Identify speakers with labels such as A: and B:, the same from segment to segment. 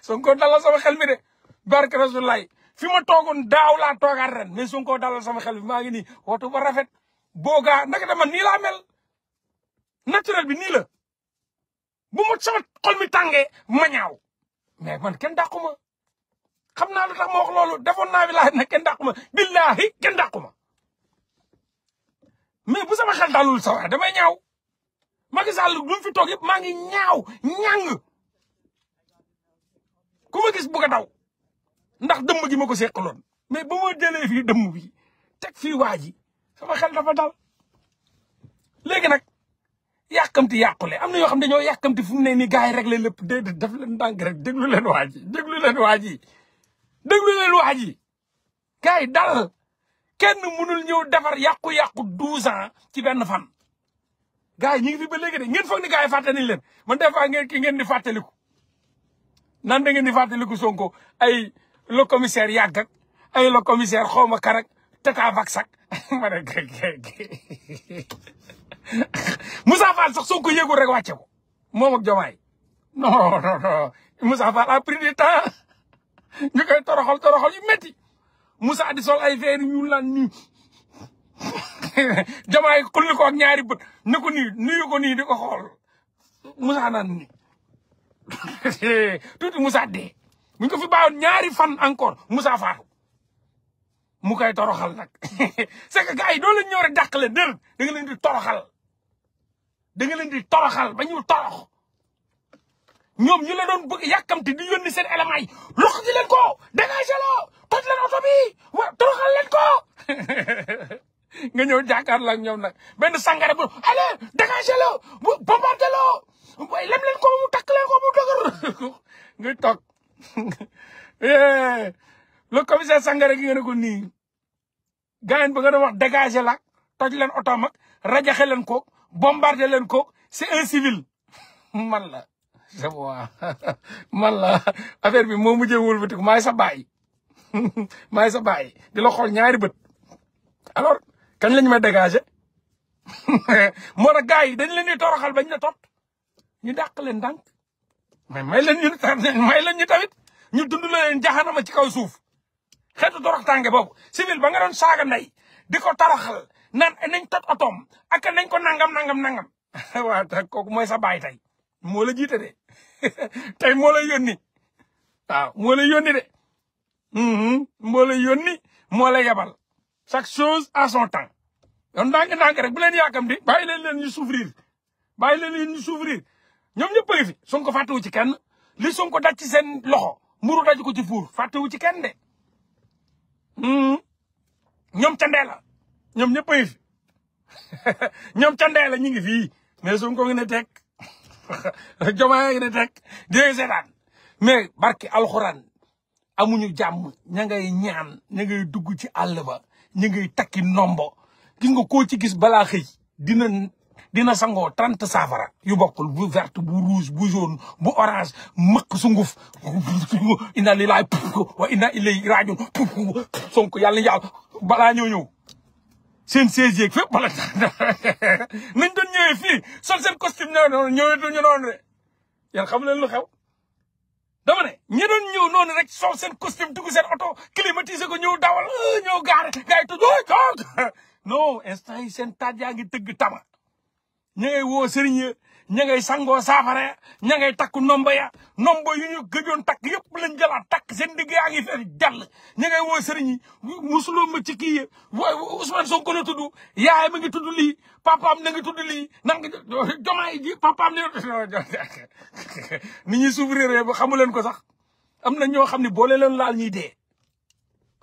A: Sonko dalla sama xel mi de barke Rasulaay fi ma toogoon daaw laa toogaat ren mais Sonko dalal sama xel mi maa ngi nii wootu ba rafet boogaa naka dama nii mel naturel bi nii la bu ma sama xol mi tàngee ma ñaaw mais man kenn dàqu ma xam naa lu tax ma wax loolu defoon naa bi laaj kenn dàqu ma billaahi kenn dàqu ma mais bu sama xel dalul sa wax ñaaw Macky Sall lu fi toog yëpp maa ngi ñaaw ñàng ku ma gis bëgg a daw ndax dëmm ji ma ko seqaloon mais ba ma jëlee fii dëmm bi teg fii waa ji sama xel dafa dal léegi nag yàkkamti yàqule am na yoo xam ne dañoo yàkkamti fu mu ne nii gars yi réglé lépp déedéet def leen ndànk rek déglu leen waa ji déglu leen waa ji déglu leen waa ji gars yi dal kenn mënul ñëw defar yàqu-yàqu douze ans ci benn fan. gars ñu ngi fi ba léegi de ngeen foog ni gars yi fàtte nañ leen man des fois ngeen ki ngeen di fàttaliku nan da ngeen di fàttaliku Sonko ay le commissaire yàgg ay le commissaire xawma karak teka vax ak ma ne Moussa Fall sax Sonko yéegul rek wàcce ko moom ak Jomaay non non non Moussa Fall a pris du temps ñu koy toroxal yu métti Moussa di sol ay verres ñu lan nii Jomaay xulli ko ak ñaari bët ne ko nii nuyu ko nii di ko xool Moussa naan nii musa Moussa mu buñ ko fi bàyyoon ñaari fan encore musa faatu mu koy toroxal nag c'est que gars yi doo leen ñëw rek dàqale dër da nga leen di toroxal da nga leen di toroxal ba ñu torox ñoom ñu la yàkkamti di yónni seen éléments yi loxo ko dégagé loo toj leen oto bi wa toroxal leen ko nga ñëw jàkkaarloo ak ñoom nag benn sangare bu allez dégagé loo bombardé booy lem leen ko mu takk leen ko mu dëgër nga toog eh, le commissaire Sangare gi nga ne ko nii gaayen ba nga doon wax dégager la toj leen oto rajaxe leen ko bombarder leen ko c'est un civil man la c'est bon man la bi moo mujjee wëlbatiku maay sa baay maay sa baay di loxol ñaari bët alors kañ lañ ma dégager moo tax gars yi dañ leen di toroxal bañ la topp ñu dàq leen ndànk mais may leen ñu may leen ñu tamit ñu dund leen jaxanama ci kaw suuf xeetu dorox tànge boobu civil ba nga doon saaga ndey di ko taraxal naan nañ tot otoom ak nañ ko nangam nangam nangam waaw te kooku mooy sa baay tey moo la jiite de tey moo lay yónni waaw moo lay yónni de mhm, moo lay yónni moo lay yebal chaque chose à son temps yoon ndànk-ndànk rek bu leen yàkkam di bàyyi leen leen ñu souffrir bàyyi leen leen ñu souffrir ñoom ñëpp a ngi fi Sonko fàttewu ci kenn li Sonko daj ci seen loxo mburu daj ko ci fuur fàttewu ci kenn de hmm? ñoom candee ñoom ñëpp a ñoom candee la ñu ngi fii mais Sonko ngi ne teg Diomaye ngi ne teg dinañ seetaan mais barki alxuraan amuñu jàmm ña ngay ñaan ña ngay dugg ci àll ba ña ngay takki nombo gis nga koo ci gis balaa xëy dina dina sangoo trente saafara yu bokkul bu verte bu rouge bu jaune bu orange mëq sunguf inna lillahi wa inna ilayhi rajiun sonk yàlla yàlla balaa ñoo ñëw seen siège yeeg fépp bala nañ doon ñëwee fii sol seen costume ñëwee noonu xam leen lu xew dama ñëw noonu rek sol seen costume dugg seen oto climatisé ko ñëw dawal ñëw gaare gars yi tudd non instant yi seen taaj yaa ngi tëgg tama ña woo sëriñ ya ña ngay sangoo saafara ña ngay takk nomba ya nomba yu ñu gëjoon takk yëpp lañ jëlaat takk seen digg yaa ngi fee jàll ña ngay woo sëriñ yi musuloo ma ci kii ya Ousmane Sonko la tudd yaay ma ngi tudd lii papaam na ngi tudd lii nang jomaay ji papaam na ni ñuy souffrir ba xamu leen ko sax am na ñoo xam ne boole leen laal ñuy dee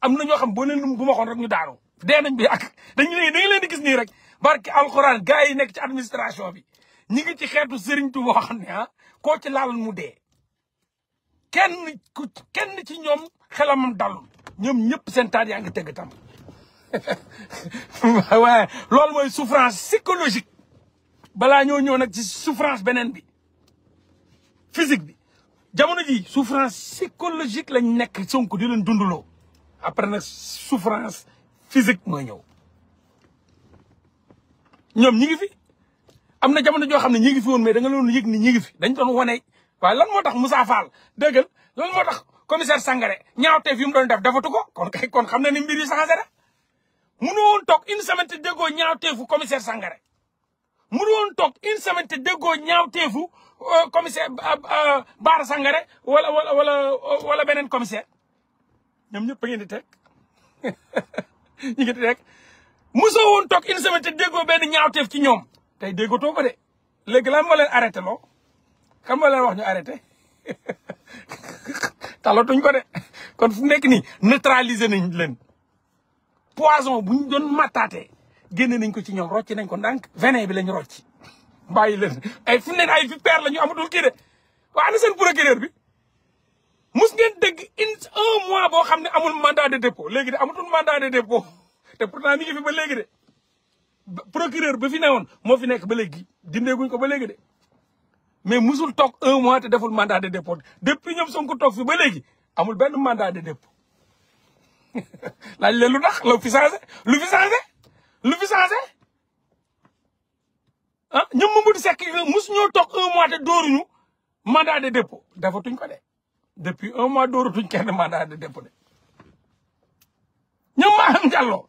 A: am na ñoo xam boo leen bu ma xoon rek ñu daanu dee nañ bi ak dañu leen leen di gis nii rek barki alxuraan gars yi nekk ci administration bi ñi ngi ci xeetu sëriñ tu boo xam ne ah koo ci laal mu dee kenn ci ñoom xelamam dalul ñoom ñëpp seen yaa ngi tëgg tam waaye loolu mooy souffrance psychologique balaa ñoo ñëw nag ci souffrance beneen bi physique bi jamono ji souffrance psychologique lañ nekk Sonko di leen dunduloo après nag souffrance physique mooy ñëw ñoom ñi ngi fi am na jamono joo xam ne ñi ngi fi woon mais da nga doon yëg ni ñi ngi fi dañ doon wane waaye lan moo tax Moussa Fall dëggal loolu moo tax commissaire Sangaré ñaawteef yu mu doon def defatu ko kon kay xam na ni mbir yi changé na mënu woon toog une semaine te déggoo ñaawteefu commissaire Sangaré mënu woon toog une semaine te déggoo ñaawteefu euh, commissaire euh, euh, Baara Sangaré wala wala wala wala beneen commissaire ñoom ñëpp a ngeen di teg ñu di teg mosoo woon toog une semaine te déggoo benn ñaawteef ci ñoom tey déggatoo ko de léegi lan moo leen arrêté loo kan moo leen wax ñu arrêté talatuñ ko de kon fu nekk nii neutraliser nañ leen poison bu ñu doon mataatee génne nañ ko ci ñoom rocci nañ ko ndànk venin bi lañ rocci bàyyi leen ay fu ne ay vipère la ñu amatul kii de waa ana seen procureur bi mus ngeen dégg un mois boo xam ne amul mandat de dépôt léegi de amatul mandat de dépôt te pourtant mi ngi fi ba léegi de procureur ba fi newoon moo fi nekk ba léegi dindeeguñ ko ba léegi de mais musul toog un mois te deful mandat de dépôt depuis ñoom Sonko toog fi ba léegi amul benn mandat de dépôt laaj leen lu tax lu fi changé lu fi changé lu fi changé ah ñoom Mamadou Seck mus ñoo toog un mois de dooruñu mandat de defatuñ ko de depuis un mois dooratuñ kenn mandat de dépôt de ñoom Maham Diallo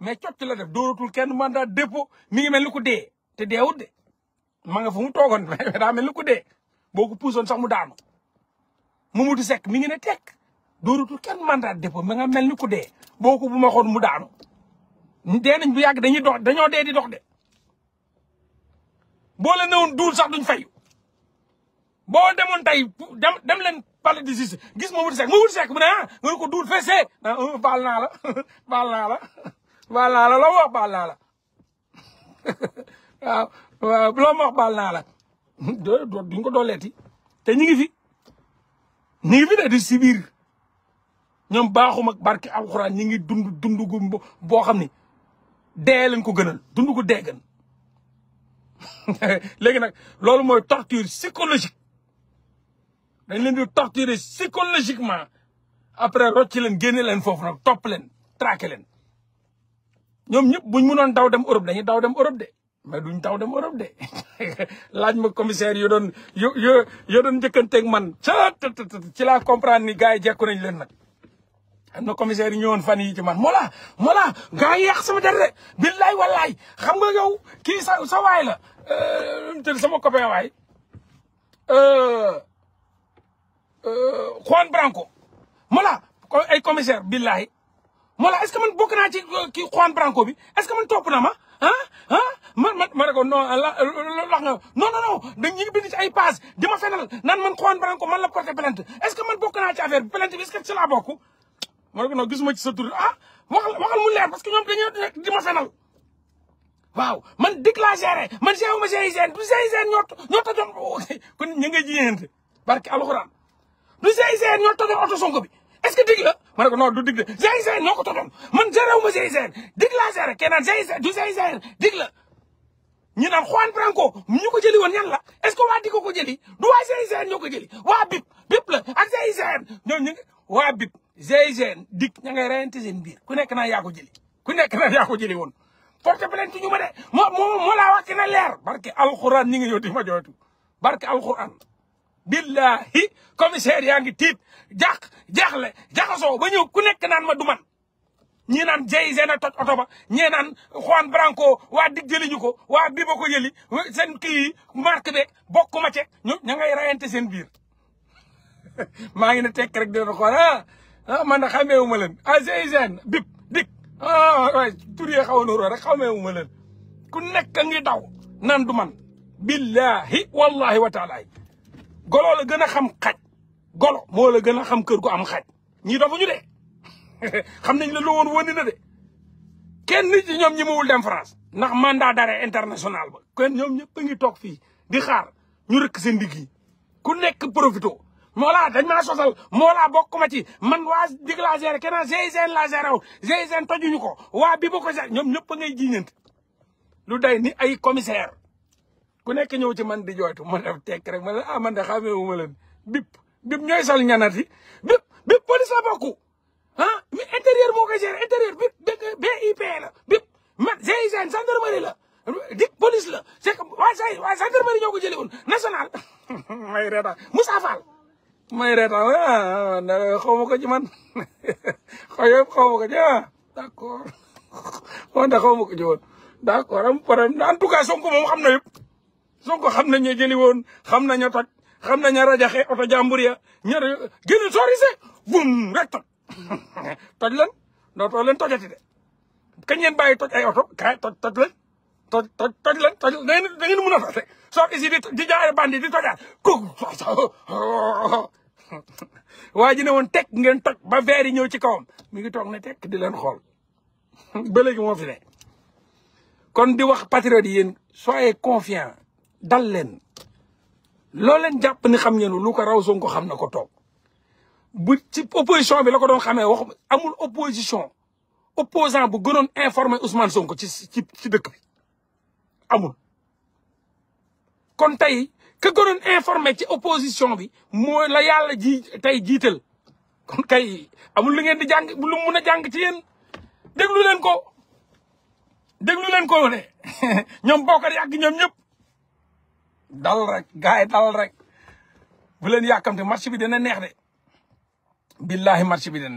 A: mais cocc la def dooratul kenn mandat dépôt mi ngi mel ni ku dee te deewut de ma nga fa mu toogoon mais daa mel ni ku dee boo ko puusoon sax mu daanu Mamadou Seck mi ngi ne tek dooratul kenn mandat dépôt ma nga mel ni ku dee boo ko bu ma xoon mu daanu dee nañ bu yàgg dañuy dox dañoo dee di dox de boo la newoon duul sax duñ fayu boo demoon tey dem dem leen palais de gis Mamadou Seck Mamadou Seck mu ne ah nga ko duul fessee euh, baal naa la baal naa la baal la loo ma la waaw loo ma wax te ñu ngi fi ñu ngi fi de ñoom baaxum ak barke alxuraan ñi ngi dund dund gu boo xam ni dee leen ko gënal dund gu dee gën nag loolu mooy torture psychologique dañ leen di torturer psychologiquement après rocci leen génne leen foofu nag topp leen traqué leen ñoom ñëpp buñ mënoon daw dem Europe dañuy daw dem Europe de mais duñ daw dem Europe de laaj ma commissaire yo doon yo yo man ca ci laa comprendre ni gars yi jekku nañ leen nag am na commissaire yi ñëwoon fan yi ci man mola mola gars yi yàq sama der de billaay wallaay xam nga yow kii sa sa waay la euh, tël sama copain waay euh, euh, Juan Branco mola ay commissaire billaay Mollah est que man bokk naa ci euh, kii Juan Branco man topp na ma ah ah man man ma ne ko non la wax euh, nga non non non dañ ñu ay page di ma fenal naan man Juan Branco man la porté plainte que man bokk naa ci affaire bi plainte bi est-ce que ci laa bokk. ma ne ko non gisuma ci sa tur ah waxal mu leer parce que ñoom dañoo eh, di ma fenal waaw man dëgg laa man géré wu du GIGN ñoo ñoo tojoon kon ñu ngi jiyante barki alxuraan du GIGN ñoo tojoon bi. est-ce que dig la ma ne ko non du dig de GIGN ñoo ko tootoon man géréw ma GIGN dig laa du GIGN dig la ñu naan Juan ñu ko jëli woon ñan la est-ce que waa di ko ko jëli du waa GIGN ñoo ko jëli waa BIP BIP la ak GIGN ñoom ñu ngi waa BIP dig ña ngay reyante seen biir ku nekk naa yaa ko jëli ku nekk naa yaa ko jëli woon porte plainte ñu ma de moo moo moo laa wax na leer barke alxuraan ñi ngi yow di ma jooytu barke alxuraan billahi commissaire yaa ngi tiit jaax jaaxle jaxasoo ba ñëw ku nekk naan ma du man naan jey seen a toj naan Juan Branco waa dig jëli ñu ko waa bi ba ko jëli seen kii marque beeg bokkuma ceeg ñu ña ngay seen biir maa ngi ne tekk rek dina xool ah ah man de xamee wu ma leen ah GIGN bip dik ah waay tur yee xaw na rek ma leen ku nekk ngi daw naan du man billahi wallahi wa taala golo la gën a xam xaj golo moo la gën a xam kër gu am xaj ñii dafa ñu de xam nañ la lu woon wëndi na de kenn nit ci ñoom ñi mawul dem France ndax mandat d'arrêt international ba kon ñoom ñëpp a ngi toog fii di xaar ñu rëkk seen digg yi ku nekk profito moo laa dañ maa sosal moo laa bokk ma ci man waa dig la géré keneen GIGN la un géré wu GIGN ñu ko wa bi ba ko géré ñoom ñëpp a ngay jiiñante lu day ni ay commissaire ku nekk ñëw ci man di jooytu ma def tekk rek ma ne ah man de xamee wu ma leen bip bip ñooy sal ñanati bip bip police la bokku ah mi intérieur moo koy intérieur bip BIP la bip man GIGN gendarmerie la dik police la c'est que waa G waa gendarmerie ñoo ko jëlee woon national may reetaan Moussa Fall may reetaan ah, xaw ma ko ci man xaw yëpp xaw ma ko ci ah d'accord xaw ma ko ci woon d'accord am problème en tout cas Sonko moom xam na yëpp. Sonko xam nañ ña jëli woon xam na ña toj xam nañ ña rajaxe oto jàmbur ya ña génn soorise bum rek toj toj leen dootoo leen tojati de kañ leen bàyyi toj ay oto kaay toj toj leen toj toj toj leen toj da ngeen da ngeen di di jaare di tojaat kooku waa woon teg ngeen toj ba veer yi ñëw ci kawam mi ngi toog ne teg di leen xool ba léegi moo kon di wax patriote yi yéen soyez confiants dal leen loo leen jàpp ni xam ngeen lu ko raw Sonko xam na ko toog bu ci opposition bi la ko doon xamee wax amul opposition opposant bu gënoon informer Ousmane Sonko ci ci ci dëkk bi amul. kon tey ka gënoon informer ci opposition bi mooy la yàlla ji tey jiital kon kay amul lu ngeen di jàng lu mun a jàng ci yen déglu leen ko déglu leen ko ne ñoom bokkar yàgg ñoom ñëpp. dal rek gars yi dal rek bu leen yàkkamte marché bi dana neex de billahi marché bi dana